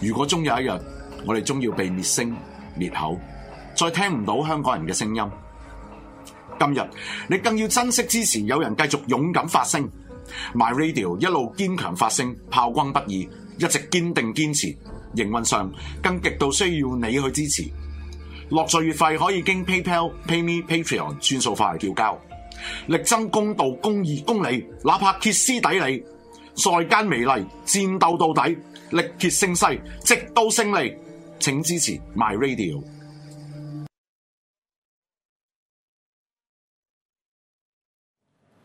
如果終有一日，我哋終要被滅聲滅口，再聽唔到香港人嘅聲音，今日你更要珍惜支持，有人繼續勇敢發聲，My Radio 一路堅強發聲，炮轟不已，一直堅定堅持。營運上更極度需要你去支持，樂助月費可以經 PayPal、PayMe、Patreon 轉數化嚟繳交，力爭公道、公義、公理，哪怕歇斯底里，在間美麗，戰鬥到底。力竭勝勢，直到勝利。請支持 My Radio。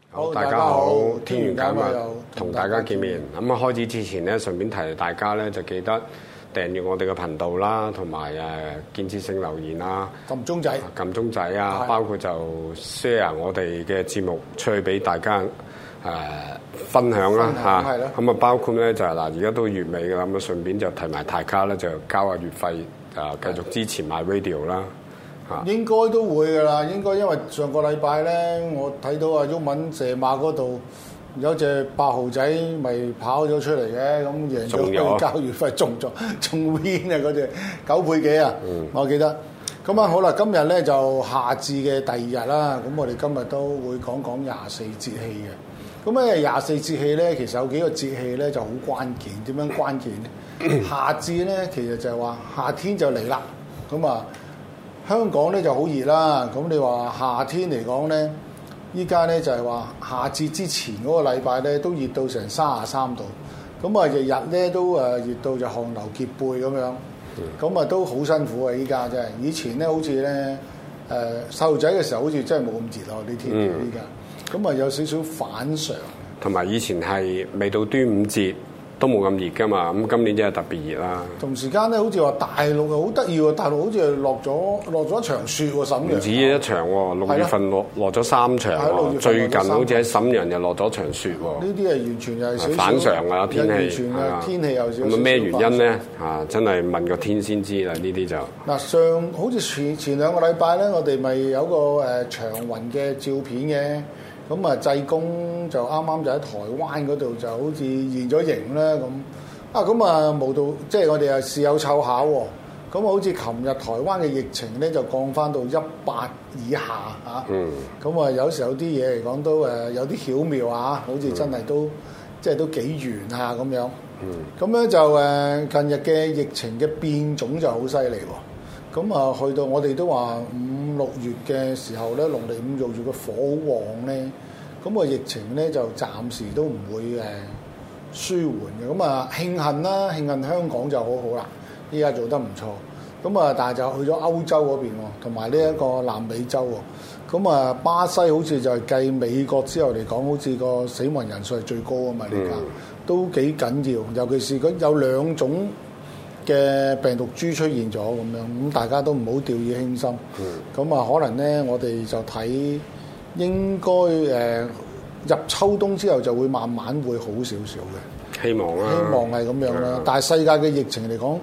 好，大家好，天玄解密同大家見面。咁開始之前咧，順便提大家咧，就記得訂閱我哋嘅頻道啦，同埋誒建設性留言啦。撳鐘仔，撳鐘仔啊！包括就 share 我哋嘅節目出去俾大家。誒分享啦嚇，咁享啊是的 包括咧就係、是、嗱，而家都月尾噶啦，咁啊順便就提埋大家咧就交下月費，啊繼續支持埋 MyRadio 啦嚇。應該都會噶啦，應該因為上個禮拜咧，我睇到啊毓民射馬嗰度有隻八號仔咪跑咗出嚟嘅，咁贏咗有交月費中咗仲 win 啊嗰隻九倍幾啊，嗯、我記得。咁啊好啦，今日咧就夏至嘅第二日啦，咁我哋今日都會講講廿四節氣嘅。咁咧廿四節氣咧，其實有幾個節氣咧就好關鍵。點樣關鍵咧？ 夏至咧，其實就係話夏天就嚟啦。咁啊，香港咧就好熱啦。咁你話夏天嚟講咧，依家咧就係話夏至之前嗰個禮拜咧都熱到成三十三度。咁啊，日日咧都誒熱到就汗流浹背咁樣。咁啊都好辛苦啊！依家真係，以前咧好似咧誒細路仔嘅時候好似真係冇咁熱咯、啊、啲天氣依家。嗯咁啊，有少少反常。同埋以前係未到端午節都冇咁熱噶嘛，咁今年真係特別熱啦。同時間咧，好似話大陸啊，好得意喎！大陸好似係落咗落咗一場雪喎，沈陽。唔止一場喎，哦、六月份落落咗三場,三場最近好似喺沈陽又落咗場雪喎。呢啲係完全係少少反常啊！天氣的天氣又少咁啊，咩的原因咧？啊的，真係問個天先知啦！呢啲就嗱，上好似前前兩個禮拜咧，我哋咪有個誒長雲嘅照片嘅。咁啊，濟公就啱啱就喺台灣嗰度就好似現咗形啦咁。啊，咁啊無到，即係我哋又事有湊巧喎。咁、啊、好似琴日台灣嘅疫情咧就降返到一百以下啊。嗯。咁啊，有時候有啲嘢嚟講都誒、啊、有啲巧妙啊，好似真係都、嗯、即係都幾圓啊咁樣。嗯。咁咧就誒，近日嘅疫情嘅變種就好犀利喎。啊。咁啊，去到我哋都話五六月嘅時候咧，農曆五、六月嘅火旺咧，咁啊，疫情咧就暫時都唔會誒舒緩嘅。咁啊，慶幸啦，慶幸香港就好好啦，依家做得唔錯。咁啊，但係就去咗歐洲嗰邊，同埋呢一個南美洲。咁啊，巴西好似就係繼美國之後嚟講，好似個死亡人數係最高啊嘛！呢家都幾緊要，尤其是佢有兩種。嘅病毒株出現咗咁樣，咁大家都唔好掉以輕心。咁啊、嗯，可能咧，我哋就睇應該誒、呃、入秋冬之後就會慢慢會好少少嘅。希望啦、啊，希望係咁樣啦。嗯、但係世界嘅疫情嚟講，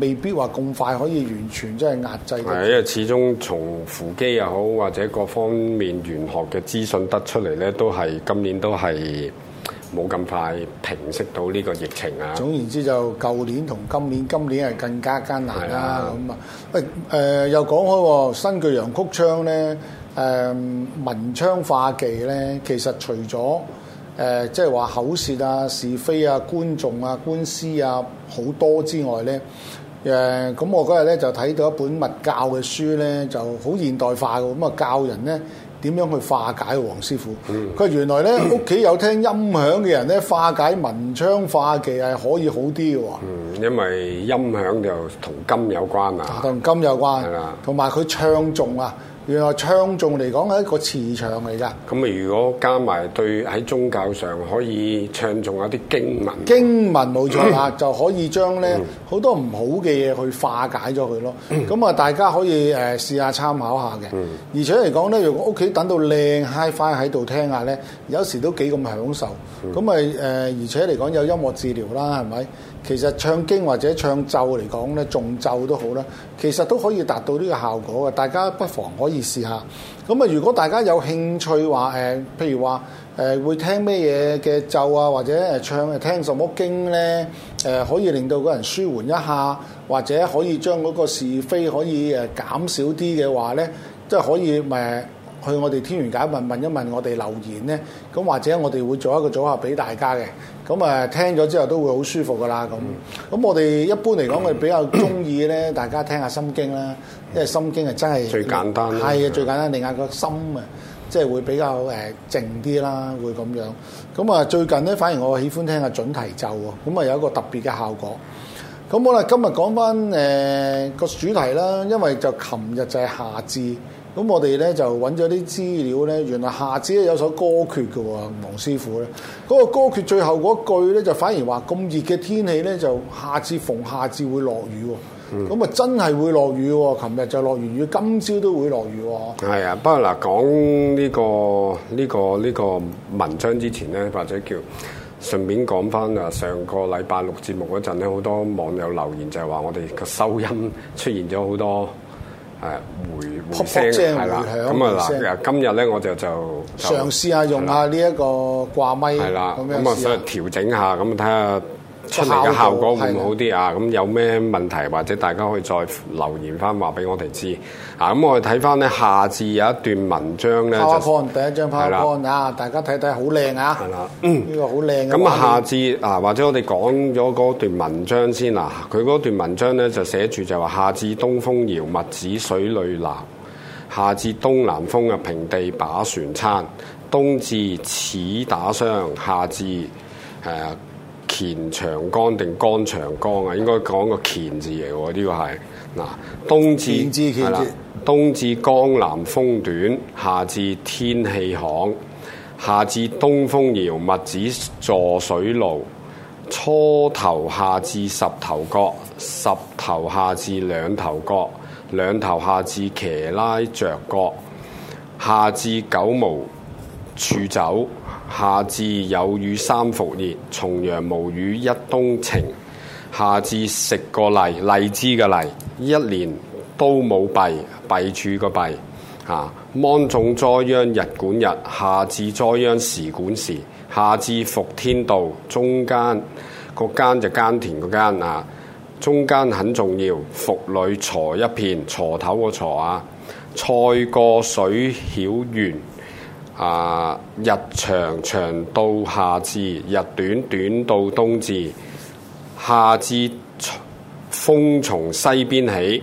未必話咁快可以完全即係壓制。係，因為始終從扶乩又好或者各方面玄學嘅資訊得出嚟咧，都係今年都係。冇咁快平息到呢個疫情啊！總言之，就舊年同今年，今年係更加艱難啦。咁啊，誒誒是的、呃呃、又講開新巨陽曲昌咧，誒、呃、文昌化忌咧，其實除咗誒即係話口舌啊、是非啊、觀眾啊、官司啊好多之外咧，誒、呃、咁我嗰日咧就睇到一本物教嘅書咧，就好現代化嘅，咁、嗯、啊教人咧。點樣去化解黃師傅？佢、嗯、原來咧屋企有聽音響嘅人咧，化解文昌化忌係可以好啲嘅喎。嗯，因為音響就同金有關啊，啊。同金有關，同埋佢唱重啊。嗯原來唱誦嚟講係一個磁場嚟㗎。咁啊，如果加埋對喺宗教上可以唱誦一啲經文。經文冇錯啦， 就可以將咧好多唔好嘅嘢去化解咗佢咯。咁啊，大家可以誒試下參考下嘅。 而且嚟講咧，如果屋企等到靚 HiFi 喺度聽下咧，有時都幾咁享受。咁咪誒，而且嚟講有音樂治療啦，係咪？其實唱經或者唱咒嚟講呢，仲咒都好啦，其實都可以達到呢個效果嘅。大家不妨可以試下。咁啊，如果大家有興趣話，誒、呃，譬如話誒、呃、會聽咩嘢嘅咒啊，或者誒唱聽什麼經呢，誒、呃、可以令到個人舒緩一下，或者可以將嗰個是非可以誒減少啲嘅話呢，即係可以誒。呃去我哋天玄解問問一問我哋留言咧，咁或者我哋會做一個組合俾大家嘅。咁啊聽咗之後都會好舒服噶啦咁。咁我哋一般嚟講， 我哋比較中意咧，大家聽下心經啦，因為心經啊真係最，最簡單。係啊對，最簡單你嗌個心啊，即係會比較誒靜啲啦，會咁樣。咁啊最近咧，反而我喜歡聽下準提咒喎。咁啊有一個特別嘅效果。咁好啦，今日講翻誒個主題啦，因為就琴日就係夏至。咁我哋咧就揾咗啲資料咧，原來下次夏至咧有首歌訣嘅喎，黃師傅咧，嗰、那個歌訣最後嗰句咧就反而話，咁熱嘅天氣咧就夏至逢夏至會落雨喎，咁啊、嗯、真係會落雨喎，琴日就落完雨，今朝都會落雨喎。係啊，不過嗱講呢、這個呢、這個呢、這個文章之前咧，或者叫順便講返啊，上個禮拜六節目嗰陣咧，好多網友留言就係話我哋嘅收音出現咗好多。係回聲的回聲係啦，咁啊嗱，響的今日咧我就就嘗試下用下呢一個掛咪，咁啊所以調整下，咁睇下。看看出嚟嘅效果會唔會好啲啊？咁的有咩問題或者大家可以再留言翻話俾我哋知啊。咁我哋睇翻咧夏至有一段文章咧，Power point, 就第一張 point, 的，第一張啊！大家睇睇好靚啊！嗯、呢個好靚。咁夏至啊，或者我哋講咗嗰段文章先啊。佢嗰段文章咧就寫住就話：夏至東風搖，物子水裏鬧；夏至東南風啊，平地把船撐；冬至此打霜，夏至誒。啊乾長江定乾長江，啊，應該講個乾字嚟喎，呢個係嗱冬至係啦，冬至江南風短，夏至天氣寒，夏至東風搖，勿止坐水路，初頭夏至十頭角，十頭夏至兩頭角，兩頭夏至騎拉着角，夏至九毛。處酒，夏至有雨三伏熱，重陽無雨一冬晴。夏至食個荔，荔枝嘅荔，一年都冇弊，弊處嘅弊。啊，芒種栽秧日管日，夏至栽秧時管時。夏至伏天到，中耕個耕就耕田個耕啊，中耕很重要。伏裡鋤一片，鋤頭個鋤啊，賽過水澆園。啊！日長長到夏至，日短短到冬至。夏至風從西邊起，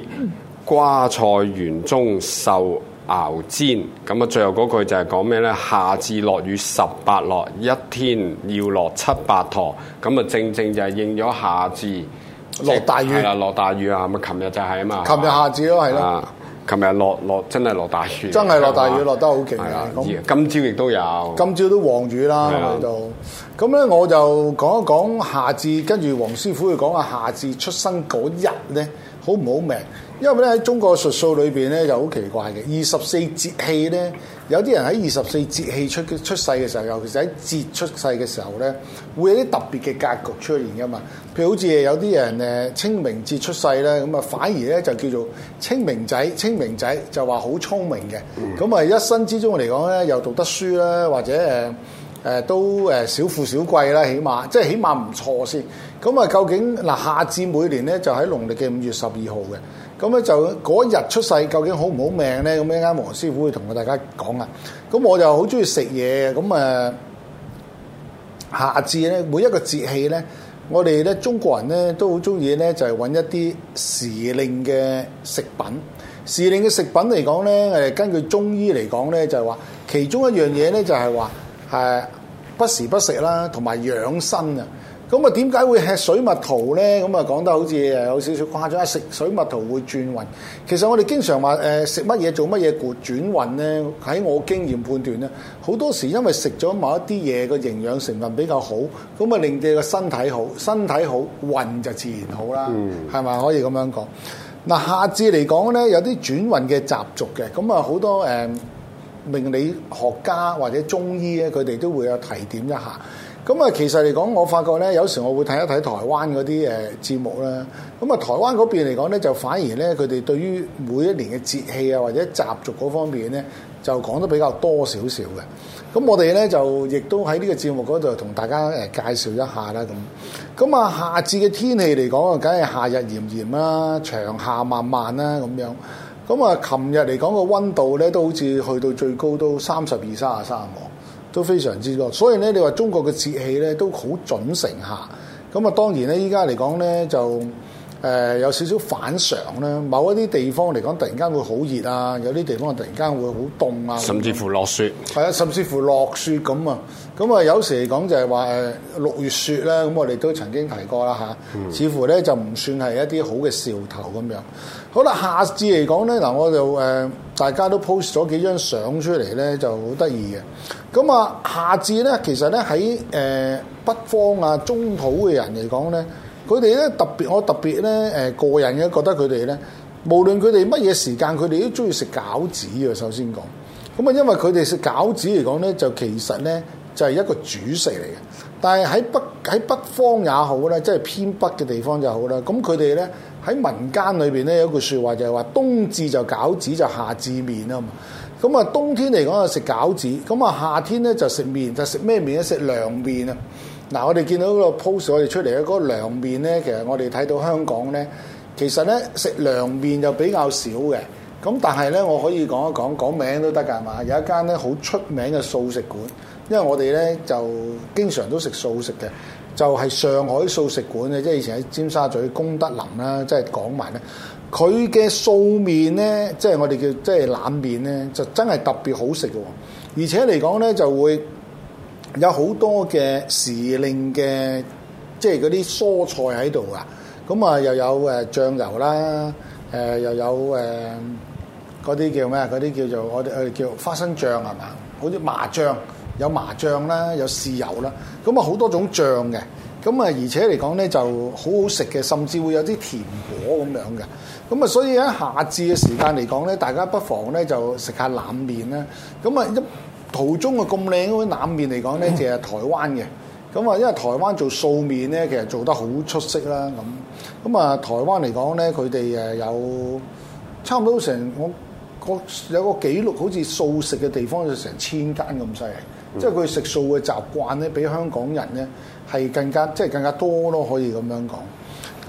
瓜菜園中受熬煎。咁啊，最後嗰句就係講咩咧？夏至落雨十八落，一天要落七八陀」。咁啊，正正就係應咗夏至落大雨啊！落大雨啊！咪琴日就係啊嘛！琴日夏至都係咯。啊琴日落落真係落大雪，真係落大雨吧，落得好勁嘅。的那今朝亦都有，今朝都黃雨啦。咁是的 就咁咧，我就講一講夏至，跟住黃師傅會講下夏至出生嗰日咧，好唔好命？因為咧喺中國嘅術數裏邊咧就好奇怪嘅，二十四節氣咧，有啲人喺二十四節氣出出世嘅時候，尤其是喺節出世嘅時候咧，會有啲特別嘅格局出現噶嘛。佢好似有啲人誒清明節出世咧，咁啊反而咧就叫做清明仔，清明仔就話好聰明嘅。咁啊一生之中嚟講咧，又讀得書啦，或者誒誒都誒小富小貴啦，起碼即係起碼唔錯先。咁啊究竟嗱夏至每年咧就喺農曆嘅五月十二號嘅，咁咧就嗰日出世究竟好唔好命咧？咁一陣間黃師傅會同我大家講啊。咁我就好中意食嘢嘅，咁啊夏至咧每一個節氣咧。我哋中國人都好鍾意咧就係、是、揾一啲時令嘅食品。時令嘅食品嚟講呢，根據中醫嚟講呢就係話，其中一樣嘢咧就係、是、話不時不食啦，同埋養生啊。咁啊，點解會吃水蜜桃呢？咁啊，講得好似誒有少少誇張啊！食水蜜桃會轉運。其實我哋經常話誒食乜嘢做乜嘢轉運呢？喺我經驗判斷呢，好多時因為食咗某一啲嘢個營養成分比較好，咁啊令你個身體好，身體好，運就自然好啦。係咪、嗯、可以咁樣講？嗱，夏至嚟講呢，有啲轉運嘅習俗嘅，咁啊好多誒命理學家或者中醫咧，佢哋都會有提點一下。咁啊，其實嚟講，我發覺咧，有時我會睇一睇台灣嗰啲誒節目啦。咁啊，台灣嗰邊嚟講咧，就反而咧，佢哋對於每一年嘅節氣啊，或者習俗嗰方面咧，就講得比較多少少嘅。咁我哋咧就亦都喺呢個節目嗰度同大家誒介紹一下啦，咁。咁啊，夏至嘅天氣嚟講啊，梗係夏日炎炎啦，長夏漫漫啦，咁樣。咁啊，琴日嚟講個温度咧，都好似去到最高都三十二、三啊、三都非常之多，所以咧，你話中國嘅節氣咧都好準成下。咁啊，當然咧，依家嚟講咧就誒有少少反常啦。某一啲地方嚟講，突然間會好熱啊；有啲地方突然間會好凍啊，甚至乎落雪係啊，甚至乎落雪咁啊。咁啊，有時嚟講就係話誒六月雪咧。咁我哋都曾經提過啦吓，似乎咧就唔算係一啲好嘅兆頭咁樣。好啦，夏至嚟講咧嗱，我就誒、呃、大家都 post 咗幾張相出嚟咧，就好得意嘅。咁啊，夏至咧，其實咧喺誒北方啊、中土嘅人嚟講咧，佢哋咧特別，我特別咧誒個人嘅覺得佢哋咧，無論佢哋乜嘢時間，佢哋都中意食餃子啊。首先講，咁啊，因為佢哋食餃子嚟講咧，就其實咧就係一個主食嚟嘅。但係喺北喺北方也好咧，即係偏北嘅地方就好啦。咁佢哋咧喺民間裏邊咧有句説話就係話：冬至就餃子，就夏至麵啊嘛。咁啊，冬天嚟講就食餃子，咁啊夏天咧就食麵，就食咩麵咧？食涼麵啊！嗱，我哋見到個 post 我哋出嚟咧，嗰個涼麵咧，其實我哋睇到香港咧，其實咧食涼麵就比較少嘅。咁但係咧，我可以講一講，講名都得㗎，係嘛？有一間咧好出名嘅素食館，因為我哋咧就經常都食素食嘅，就係上海素食館咧，即係以前喺尖沙咀功德林啦，即係講埋咧。佢嘅素麵咧，即係我哋叫即係冷麵咧，就真係特別好食嘅。而且嚟講咧，就會有好多嘅時令嘅即係嗰啲蔬菜喺度啊。咁啊又有誒、呃、醬油啦，誒、呃、又有誒嗰啲叫咩嗰啲叫做叫我哋誒叫花生醬係嘛？好似麻醬，有麻醬啦，有豉油啦，咁啊好多種醬嘅。咁啊而且嚟講咧就好好食嘅，甚至會有啲甜果咁樣嘅。咁啊，所以喺夏至嘅時間嚟講咧，大家不妨咧就食下冷麵啦。咁啊，一途中啊咁靚嗰碗冷麵嚟講咧，就係台灣嘅。咁啊，因為台灣做素麵咧，其實做得好出色啦。咁咁啊，台灣嚟講咧，佢哋誒有差唔多成我個有個紀錄，好似素食嘅地方就成千間咁犀利。嗯、即係佢食素嘅習慣咧，比香港人咧係更加即係、就是、更加多咯，可以咁樣講。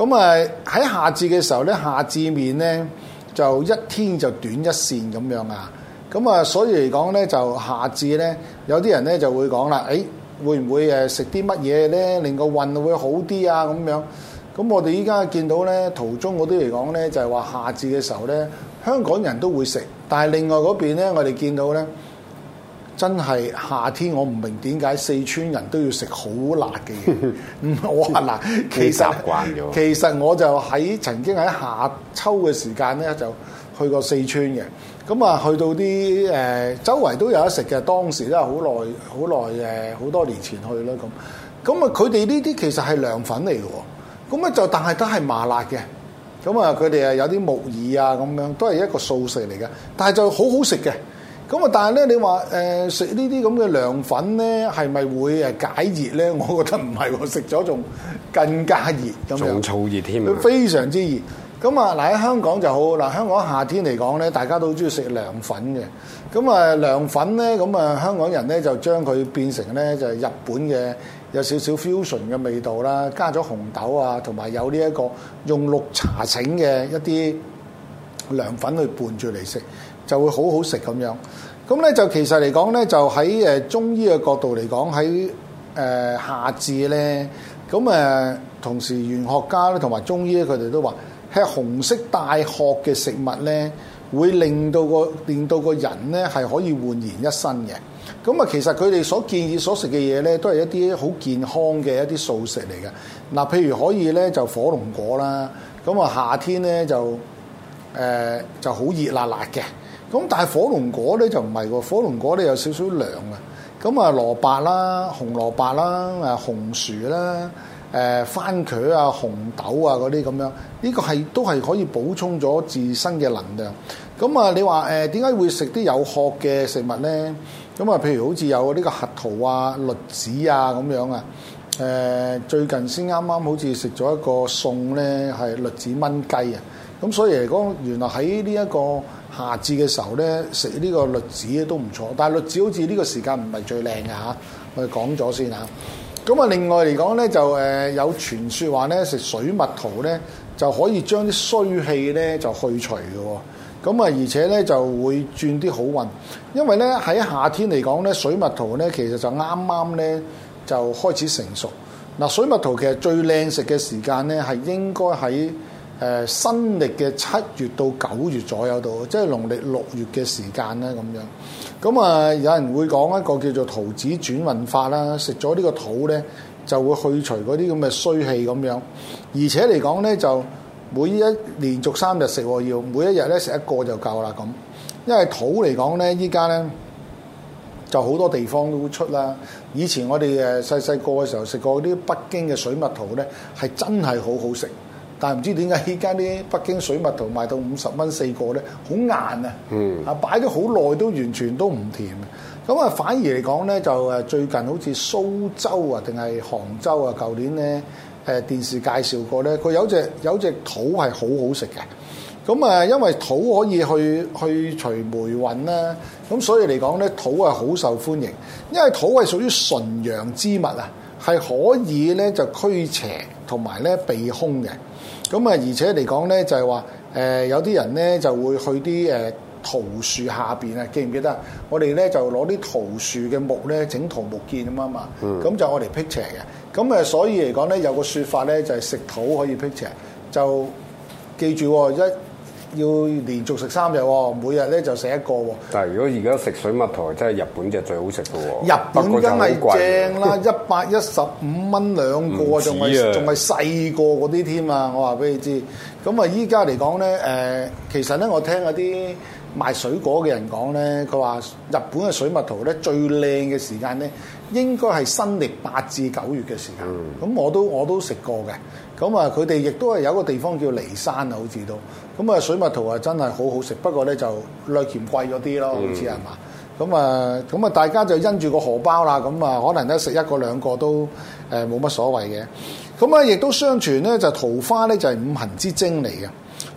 咁啊喺夏至嘅時候咧，夏至麵咧就一天就短一線咁樣啊！咁啊，所以嚟講咧，就夏至咧，有啲人咧就會講啦，誒、哎、會唔會誒食啲乜嘢咧令個運會好啲啊咁樣？咁我哋依家見到咧，途中嗰啲嚟講咧就係、是、話夏至嘅時候咧，香港人都會食，但係另外嗰邊咧我哋見到咧。真係夏天，我唔明點解四川人都要食好辣嘅嘢。哇！辣，其實慣咗，其實我就喺曾經喺夏秋嘅時間咧，就去過四川嘅。咁啊，去到啲誒、呃、周圍都有得食嘅。當時都係，好耐好耐誒，呃、好多年前去啦咁。咁啊，佢哋呢啲其實係涼粉嚟嘅。咁啊，就但係都係麻辣嘅。咁啊，佢哋啊有啲木耳啊咁樣，都係一個素食嚟嘅。但係就好好食嘅。咁啊！但係咧，你話誒食呢啲咁嘅涼粉咧，係咪會誒解熱咧？我覺得唔係喎，食咗仲更加熱，咁冇啊？仲燥熱添，佢非常之熱。咁啊，嗱喺香港就好嗱，香港夏天嚟講咧，大家都好中意食涼粉嘅。咁啊，涼粉咧，咁啊，香港人咧就將佢變成咧就係日本嘅有少少 fusion 嘅味道啦，加咗紅豆啊，同埋有呢一個用綠茶醒嘅一啲涼粉去拌住嚟食。就會好好食咁樣，咁咧就其實嚟講咧，就喺誒中醫嘅角度嚟講，喺誒、呃、夏至咧，咁誒同時，玄學家咧同埋中醫佢哋都話，吃紅色帶殼嘅食物咧，會令到個令到個人咧係可以煥然一新嘅。咁啊，其實佢哋所建議所食嘅嘢咧，都係一啲好健康嘅一啲素食嚟嘅。嗱，譬如可以咧就火龍果啦，咁啊夏天咧就誒、呃、就好熱辣辣嘅。咁但係火龍果咧就唔係喎，火龍果咧有少少涼啊。咁、嗯、啊蘿蔔啦、紅蘿蔔啦、誒紅薯啦、誒、呃、番茄啊、紅豆啊嗰啲咁樣，呢、這個係都係可以補充咗自身嘅能量。咁、嗯、啊，你話誒點解會食啲有殼嘅食物咧？咁、嗯、啊，譬如好似有呢個核桃啊、栗子啊咁樣啊。誒、呃、最近先啱啱好似食咗一個餸咧，係栗子燜雞啊。咁所以嚟講，原來喺呢一個夏至嘅時候咧，食呢個栗子都唔錯。但係栗子好似呢個時間唔係最靚嘅吓，我哋講咗先吓。咁啊，另外嚟講咧，就誒、呃、有傳説話咧，食水蜜桃咧就可以將啲衰氣咧就去除嘅喎。咁啊，而且咧就會轉啲好運，因為咧喺夏天嚟講咧，水蜜桃咧其實就啱啱咧就開始成熟。嗱，水蜜桃其實最靚食嘅時間咧係應該喺。誒新歷嘅七月到九月左右度，即係農曆六月嘅時間咧咁樣。咁啊，有人會講一個叫做桃子轉運法啦，食咗呢個桃咧就會去除嗰啲咁嘅衰氣咁樣。而且嚟講咧，就每一連續三日食，要每一日咧食一個就夠啦咁。因為桃嚟講咧，依家咧就好多地方都會出啦。以前我哋誒細細個嘅時候食過嗰啲北京嘅水蜜桃咧，係真係好好食。但係唔知點解依家啲北京水蜜桃賣到五十蚊四個咧，好硬啊！啊，嗯、擺咗好耐都完全都唔甜。咁啊，反而嚟講咧，就誒最近好似蘇州啊，定係杭州啊，舊年咧誒電視介紹過咧，佢有隻有隻桃係好好食嘅。咁啊，因為桃可以去去除霉運啦，咁所以嚟講咧，桃係好受歡迎。因為桃係屬於純陽之物啊，係可以咧就驅邪同埋咧避凶嘅。咁啊，而且嚟講咧，就係話，誒有啲人咧就會去啲誒桃樹下邊啊，記唔記得？我哋咧就攞啲桃樹嘅木咧，整桃木劍啊嘛，咁、嗯、就我哋辟邪嘅。咁啊，所以嚟講咧，有個説法咧，就係食桃可以辟邪，就記住一。要連續食三日喎，每日咧就食一個喎。但係如果而家食水蜜桃，真係日本嘅最好食嘅喎。日本梗係正啦， 一百一十五蚊兩個，仲係仲係細個嗰啲添啊！我話俾你知，咁啊依家嚟講咧，誒其實咧我聽嗰啲賣水果嘅人講咧，佢話日本嘅水蜜桃咧最靚嘅時間咧，應該係新曆八至九月嘅時間。咁、嗯、我都我都食過嘅。咁啊，佢哋亦都係有個地方叫離山啊，好似都咁啊，水蜜桃啊，真係好好食，不過咧就略嫌貴咗啲咯，好似係嘛。咁啊，咁、嗯、啊，大家就因住個荷包啦，咁啊，可能一食一個兩個都誒冇乜所謂嘅。咁、嗯、啊，亦都相傳咧，就桃花咧就係五行之精嚟嘅。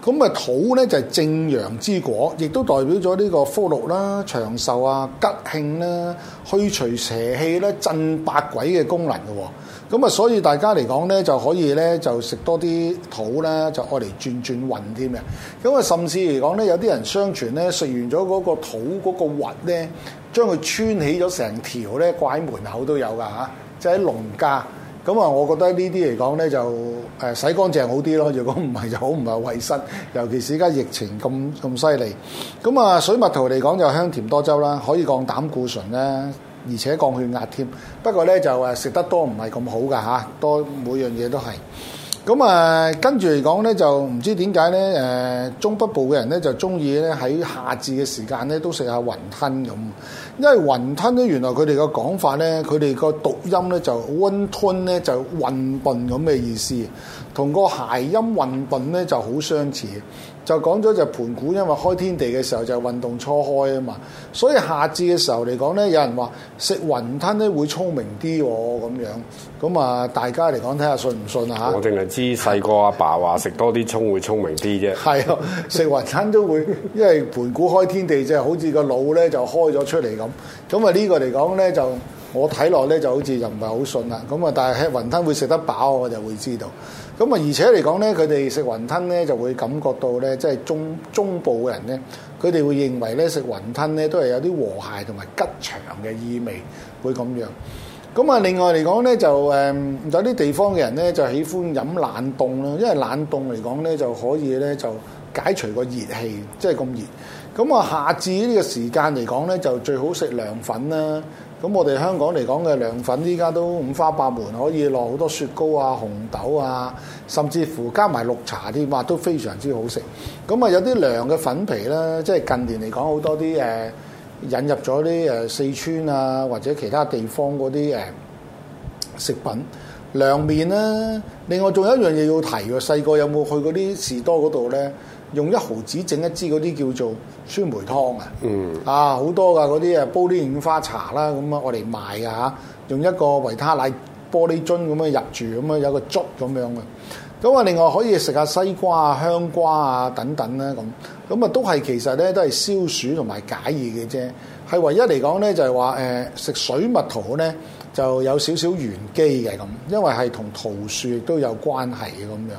咁啊，土咧就係正陽之果，亦都代表咗呢個福祿啦、長壽啊、吉慶啦、去除邪氣咧、鎮百鬼嘅功能嘅。咁啊，所以大家嚟講咧，就可以咧，就食多啲桃咧，就愛嚟轉轉運添嘅。咁、嗯、啊，甚至嚟講咧，有啲人相傳咧，食完咗嗰個桃嗰個核咧，將佢穿起咗成條咧，掛喺門口都有噶嚇，即係喺農家。咁、就、啊、是嗯，我覺得呢啲嚟講咧，就誒、呃、洗乾淨好啲咯。如果唔係，就好唔係衞生。尤其是而家疫情咁咁犀利。咁啊、嗯，水蜜桃嚟講就香甜多汁啦，可以降膽固醇啦。而且降血壓添，不過咧就誒食得多唔係咁好㗎嚇，多每樣嘢都係。咁誒、啊、跟住嚟講咧，就唔知點解咧誒中北部嘅人咧就中意咧喺夏至嘅時間咧都食下雲吞咁，因為雲吞咧原來佢哋個講法咧，佢哋個讀音咧就溫吞咧就混沌咁嘅意思。同個諧音混沌咧就好相似，就講咗就盤古，因為開天地嘅時候就混沌初開啊嘛，所以夏至嘅時候嚟講咧，有人話食雲吞咧會聰明啲喎咁樣，咁啊大家嚟講睇下信唔信啊嚇？我淨係知細個阿爸話食多啲葱會聰明啲啫。係啊的， 食雲吞都會，因為盤古開天地即係好似個腦咧就開咗出嚟咁，咁啊呢個嚟講咧就我睇落咧就好似就唔係好信啦。咁啊，但係吃雲吞會食得飽，我就會知道。咁啊，而且嚟講咧，佢哋食雲吞咧就會感覺到咧，即係中中部嘅人咧，佢哋會認為咧食雲吞咧都係有啲和諧同埋吉祥嘅意味，會咁樣。咁啊，另外嚟講咧就誒、呃、有啲地方嘅人咧就喜歡飲冷凍啦，因為冷凍嚟講咧就可以咧就解除個熱氣，即係咁熱。咁啊，夏至呢個時間嚟講咧就最好食涼粉啦。咁我哋香港嚟講嘅涼粉，依家都五花八門，可以落好多雪糕啊、紅豆啊，甚至乎加埋綠茶啲話都非常之好食。咁啊，有啲涼嘅粉皮咧，即係近年嚟講好多啲誒、呃、引入咗啲誒四川啊或者其他地方嗰啲誒食品涼麵咧。另外仲有一樣嘢要提喎，細個有冇去嗰啲士多嗰度咧？用一毫子整一支嗰啲叫做酸梅湯、嗯、啊！啊，好多噶嗰啲啊，煲啲五花茶啦，咁啊，我哋賣嘅嚇。用一個維他奶玻璃樽咁樣入住，咁樣有個粥咁樣嘅。咁啊，另外可以食下西瓜啊、香瓜啊等等啦。咁咁啊，都係其實咧都係消暑同埋解熱嘅啫。係唯一嚟講咧，就係話誒食水蜜桃咧就有少少玄機嘅咁，因為係同桃樹都有關係嘅咁樣。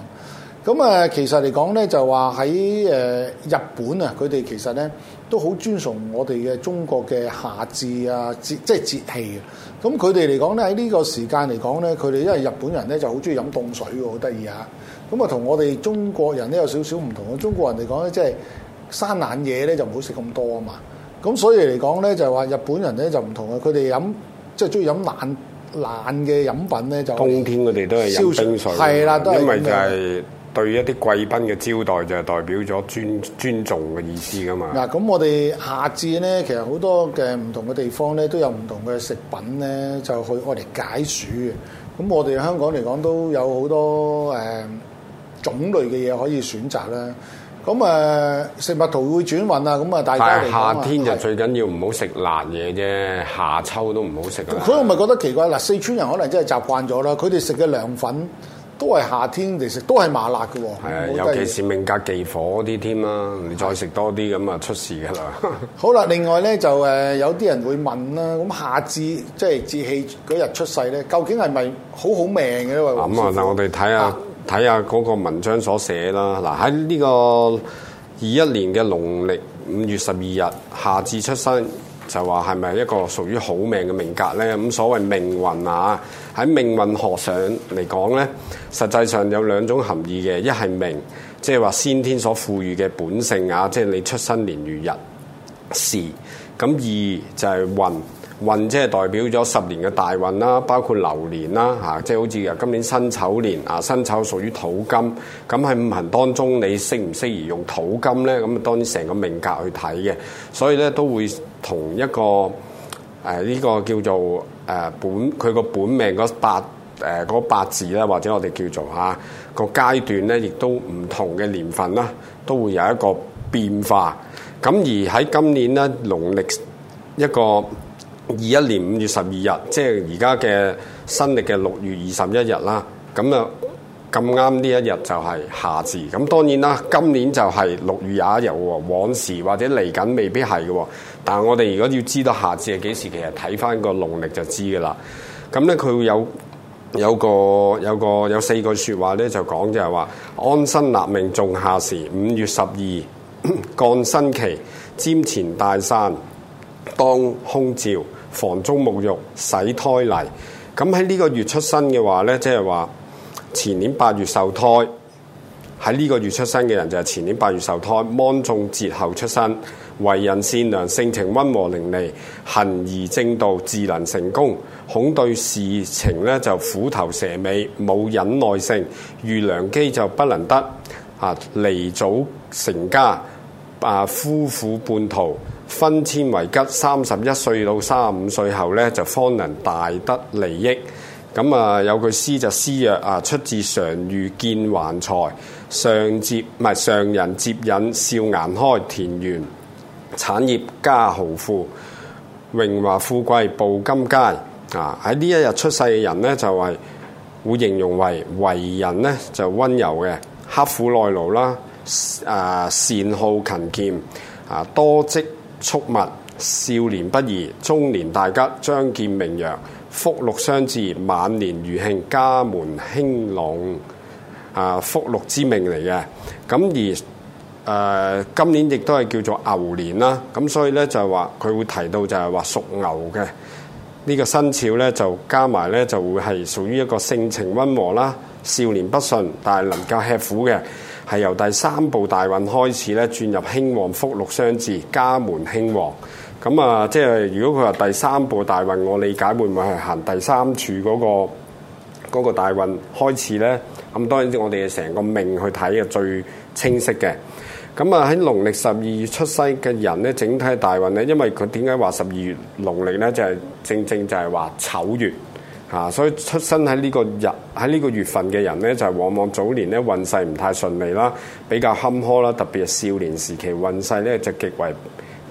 咁啊，其實嚟講咧，就話喺誒日本啊，佢哋其實咧都好尊崇我哋嘅中國嘅夏至啊節，即係節氣嘅。咁佢哋嚟講咧喺呢個時間嚟講咧，佢哋因為日本人咧就好中意飲凍水嘅，好得意啊！咁啊，同我哋中國人咧有少少唔同啊。中國人嚟講咧，即係生冷嘢咧就唔好食咁多啊嘛。咁所以嚟講咧，就係話日本人咧就唔同啊，佢哋飲即係中意飲冷冷嘅飲品咧就冬天佢哋都係飲冰水，係啦，都係因為就係、是。對一啲貴賓嘅招待就係代表咗尊尊重嘅意思噶嘛？嗱，咁我哋夏至咧，其實好多嘅唔同嘅地方咧，都有唔同嘅食品咧，就去愛嚟解暑嘅。咁我哋香港嚟講都有好多誒、呃、種類嘅嘢可以選擇啦。咁誒、呃、食水蜜桃會轉運啊！咁啊，大家夏天就最緊要唔好食辣嘢啫，夏秋都唔好食。佢係咪覺得奇怪嗱？四川人可能真係習慣咗啦，佢哋食嘅涼粉。都係夏天嚟食，都係麻辣嘅喎。係啊，尤其是命格忌火啲添啦。你再食多啲咁啊，出事嘅啦。好啦，另外咧就，誒有啲人會問啦。咁夏至即係節氣嗰日出世咧，究竟係咪好好命嘅咁、嗯、啊，嗱，我哋睇下睇下嗰個文章所寫啦。嗱，喺呢個二一年嘅農曆五月十二日夏至出生，就話係咪一個屬於好命嘅命格呢？咁所謂命運啊，喺命運學上嚟講呢，實際上有兩種含義嘅，一係命，即係話先天所賦予嘅本性啊，即係你出生年月日時。咁二就係運，運即係代表咗十年嘅大運啦，包括流年啦嚇，即係好似今年辛丑年啊，辛丑屬於土金，咁喺五行當中，你適唔適宜用土金呢？咁當然成個命格去睇嘅，所以呢都會。同一個誒呢、呃這個叫做誒本佢個本命嗰八誒、呃、八字啦，或者我哋叫做嚇、啊那個階段咧，亦都唔同嘅年份啦，都會有一個變化。咁而喺今年咧，農曆一個二一年五月十二日，即係而家嘅新歷嘅六月二十一日啦。咁啊～咁啱呢一日就係夏至，咁當然啦，今年就係六月廿一日，往時或者嚟緊未必係嘅，但係我哋如果要知道夏至係幾時，其實睇翻個農曆就知嘅啦。咁咧，佢會有有個有個有四句説話咧，就講就係話安身立命，仲夏時五月十二， 降生期，瞻前大山，當空照，房中沐浴洗胎泥。咁喺呢個月出生嘅話咧，即係話。前年八月受胎，喺呢個月出生嘅人就係前年八月受胎芒種節後出生，為人善良，性情溫和伶俐，行而正道，自能成功。恐對事情呢，就虎頭蛇尾，冇忍耐性，遇良機就不能得。啊，離祖成家，啊夫婦半途分遷為吉。三十一歲到三十五歲後呢，就方能大得利益。咁啊，有句詩就詩曰：啊，出自常遇見橫財，上接唔係上人接引，笑顏開，田園產業家豪富，榮華富貴步金階。啊，喺呢一日出世嘅人咧，就係、是、會形容為為人咧就溫柔嘅，刻苦耐勞啦，啊，善好勤儉，啊，多積蓄物，少年不宜，中年大吉，將見名揚。福祿雙至，晚年餘慶，家門興隆，啊，福祿之命嚟嘅。咁而誒、呃、今年亦都係叫做牛年啦，咁、啊、所以呢，就話、是、佢會提到就係話屬牛嘅呢、這個生肖呢，就加埋呢就會係屬於一個性情温和啦，少年不順，但係能夠吃苦嘅，係由第三步大運開始呢，轉入興旺，福祿雙至，家門興旺。咁啊，即係如果佢話第三步大運，我理解會唔會係行第三柱嗰個嗰個大運開始呢？咁當然我哋嘅成個命去睇嘅最清晰嘅。咁啊，喺農曆十二月出世嘅人呢，整體大運呢，因為佢點解話十二月農曆呢，就係正正就係話丑月嚇，所以出生喺呢個日喺呢個月份嘅人呢，就往往早年呢，運勢唔太順利啦，比較坎坷啦，特別係少年時期運勢呢，就極為，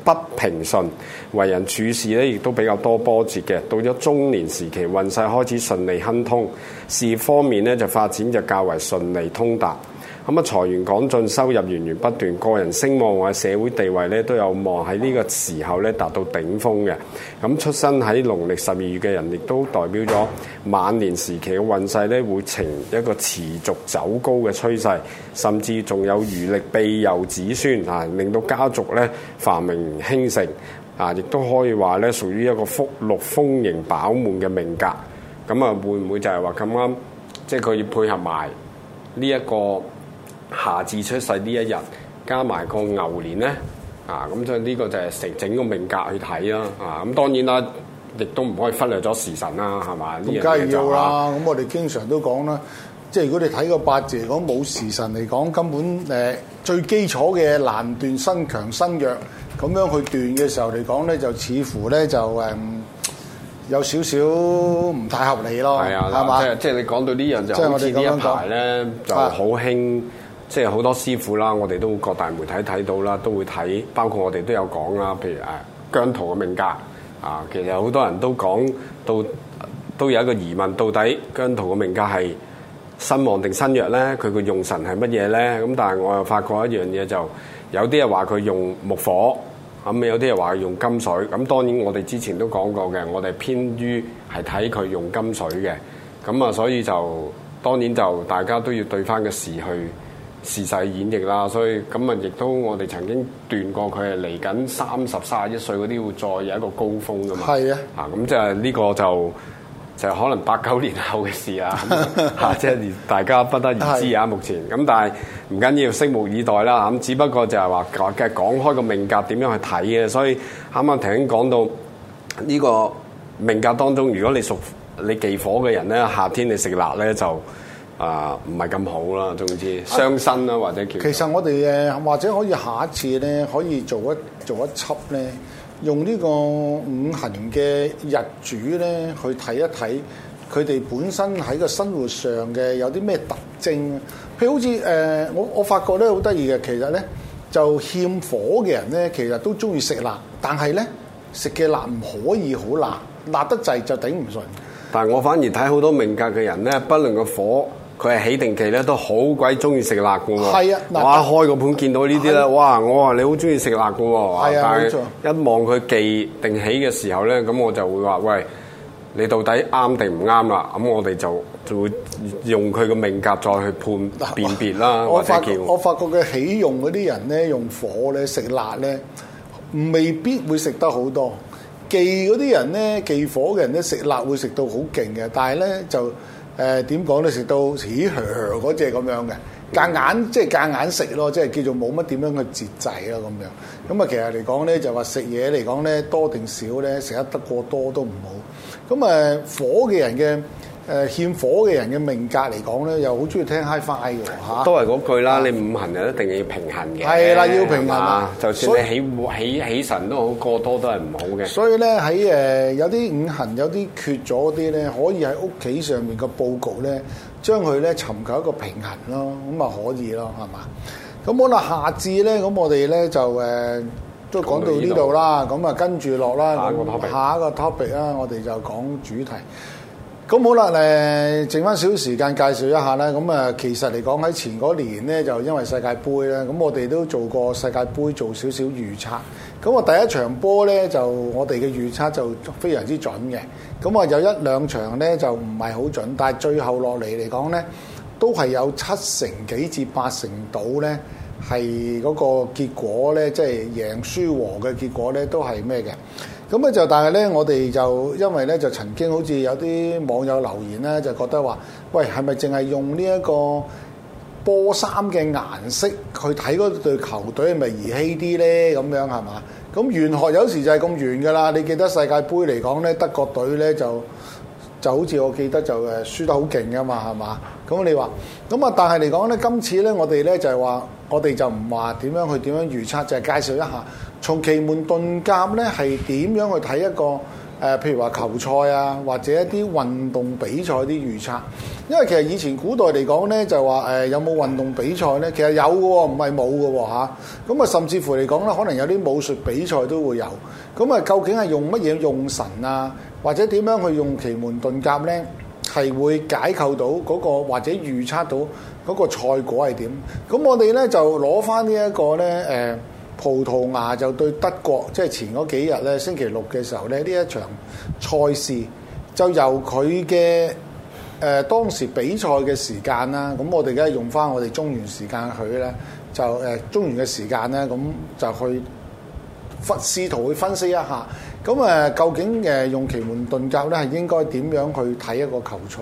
不平順，為人處事呢，亦都比較多波折嘅。到咗中年時期，運勢開始順利亨通，事業方面呢，就發展就較為順利通達。咁啊，財源廣進，收入源源不斷，個人聲望或社會地位咧都有望喺呢個時候咧達到頂峰嘅。咁出生喺農曆十二月嘅人，亦都代表咗晚年時期嘅運勢咧會呈一個持續走高嘅趨勢，甚至仲有餘力庇佑子孫啊，令到家族咧繁榮興盛啊，亦都可以話咧屬於一個福祿豐盈飽滿嘅命格。咁啊，會唔會就係話咁啱，即係佢要配合埋呢一個？夏至出世呢一日，加埋個牛年咧，啊咁，所以呢個就係成整個命格去睇咯，啊咁當然啦，亦都唔可以忽略咗時辰啦，係嘛？依家係要啦，咁我哋經常都講啦，即係如果你睇個八字嚟講，冇時辰嚟講，根本誒最基礎嘅難斷身強身弱，咁樣去斷嘅時候嚟講咧，就似乎咧就誒有少少唔太合理咯，係啊，係嘛？即係即係你講到呢樣就，即係我哋咁樣講咧，就好興。即係好多師傅啦，我哋都各大媒體睇到啦，都會睇，包括我哋都有講啦。譬如誒姜濤嘅命格啊，其實好多人都講到，都有一個疑問，到底姜濤嘅命格係身旺定身弱咧？佢嘅用神係乜嘢咧？咁但係我又發覺一樣嘢，就有啲人話佢用木火，咁有啲人話用金水。咁當然我哋之前都講過嘅，我哋偏於係睇佢用金水嘅。咁啊，所以就當然，就大家都要對翻個事去。時勢演繹啦，所以咁啊，亦都我哋曾經斷過佢係嚟緊三十三十一歲嗰啲會再有一個高峰㗎嘛。係是的 啊。嚇，咁即係呢個就就係可能八九年後嘅事啊！嚇，即係大家不得而知啊。是的 目前咁，但係唔緊要，拭目以待啦。咁只不過就係話嘅講開個命格點樣去睇嘅，所以啱啱頭先講到呢個命格當中，如果你屬你忌火嘅人咧，夏天你食辣咧就～啊，唔係咁好啦，總之傷身啦，啊、或者其實我哋誒，或者可以下一次咧，可以做一做一輯咧，用呢個五行嘅日主咧去睇一睇佢哋本身喺個生活上嘅有啲咩特徵，譬如好似誒、呃，我我發覺咧好得意嘅，其實咧就欠火嘅人咧，其實都中意食辣，但係咧食嘅辣唔可以好辣，辣得滯就頂唔順。但係我反而睇好多命格嘅人咧，不論個火，佢係起定忌咧，都好鬼中意食辣噶喎！我、啊、哇開個盤見到呢啲咧，啊、哇！我話你好中意食辣噶喎，但一望佢忌定起嘅時候咧，咁我就會話：喂，你到底啱定唔啱啦？咁我哋就就會用佢個命格再去判辨、啊、別啦，我發覺，我發覺佢起用嗰啲人咧，用火咧食辣咧，未必會食得好多，忌嗰啲人咧，忌火嘅人咧，食辣會食到好勁嘅，但係咧就。誒點講咧？食、呃、到嘻嘻嗰隻咁樣嘅，夾硬即係夾硬食咯，即係叫做冇乜點樣嘅節制咯咁樣。咁啊，其實嚟講咧，就話食嘢嚟講咧，多定少咧，食得得過多都唔好。咁誒，火嘅人嘅。誒欠、呃、火嘅人嘅命格嚟講咧，又好中意聽 hi-fi 嘅嚇。都係嗰句啦，的你五行就一定要平衡嘅。係啦，要平衡啦。吧就算你起以起起，起神都好，過多都係唔好嘅。所以咧，喺誒、呃、有啲五行有啲缺咗啲咧，可以喺屋企上面嘅佈局咧，將佢咧尋求一個平衡咯，咁啊可以咯，係嘛？咁好啦，夏至咧，咁我哋咧就誒都講到呢度啦，咁啊跟住落啦。下一個 topic 啦，我哋就講主題。咁好啦，誒，剩翻少少時間介紹一下啦。咁啊，其實嚟講喺前嗰年咧，就因為世界盃咧，咁我哋都做過世界盃做少少預測。咁啊，第一場波咧就我哋嘅預測就非常之準嘅。咁啊，有一兩場咧就唔係好準，但係最後落嚟嚟講咧，都係有七成幾至八成到咧，係嗰個結果咧，即係贏輸和嘅結果咧，都係咩嘅？咁咧就，但係咧，我哋就因為咧，就曾經好似有啲網友留言咧，就覺得話，喂，係咪淨係用呢一個波衫嘅顏色去睇嗰隊球隊，係咪兒戲啲咧？咁樣係嘛？咁玄學有時就係咁玄噶啦。你記得世界盃嚟講咧，德國隊咧就就好似我記得就誒輸得好勁噶嘛，係嘛？咁你話，咁啊，但係嚟講咧，今次咧，我哋咧就係話，我哋就唔話點樣去點樣預測，就係介紹一下。從奇門遁甲呢，係點樣去睇一個誒、呃？譬如話球賽啊，或者一啲運動比賽啲預測。因為其實以前古代嚟講呢，就話誒、呃、有冇運動比賽呢？其實有嘅喎，唔係冇嘅喎嚇，咁啊、嗯，甚至乎嚟講呢，可能有啲武術比賽都會有。咁、嗯、啊，究竟係用乜嘢用神啊，或者點樣去用奇門遁甲呢？係會解構到嗰、那個或者預測到嗰個賽果係點？咁、嗯、我哋呢，就攞翻呢一個呢。誒、呃。葡萄牙就對德國，即係前嗰幾日咧，星期六嘅時候咧，呢一場賽事就由佢嘅誒當時比賽嘅時間啦。咁我哋梗係用翻我哋中原時間去咧，就誒、呃、中原嘅時間咧，咁就去試圖去分析一下，咁誒究竟誒用奇門遁甲咧，係應該點樣去睇一個球賽？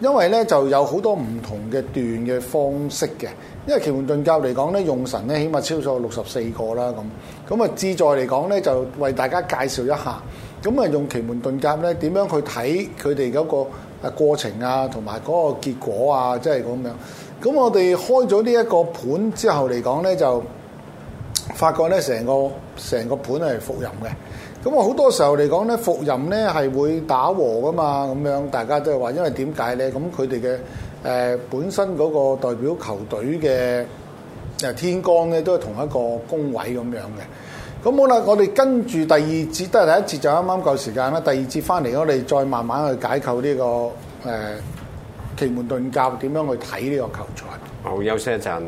因為咧就有好多唔同嘅斷嘅方式嘅，因為奇門遁甲嚟講咧，用神咧起碼超咗六十四個啦咁，咁啊志在嚟講咧就為大家介紹一下，咁啊用奇門遁甲咧點樣去睇佢哋嗰個啊過程啊同埋嗰個結果啊，即係咁樣。咁我哋開咗呢一個盤之後嚟講咧，就發覺咧成個成個盤係伏吟嘅。咁好多時候嚟講咧，伏吟咧係會打和噶嘛，咁樣大家都係話，因為點解咧？咁佢哋嘅誒本身嗰個代表球隊嘅誒天光咧，都係同一個宮位咁樣嘅。咁好啦，我哋跟住第二節，都係第一節就啱啱夠時間啦。第二節返嚟，我哋再慢慢去解構呢、呢個誒、呃、奇門遁甲點樣去睇呢個球賽。好，休息一陣。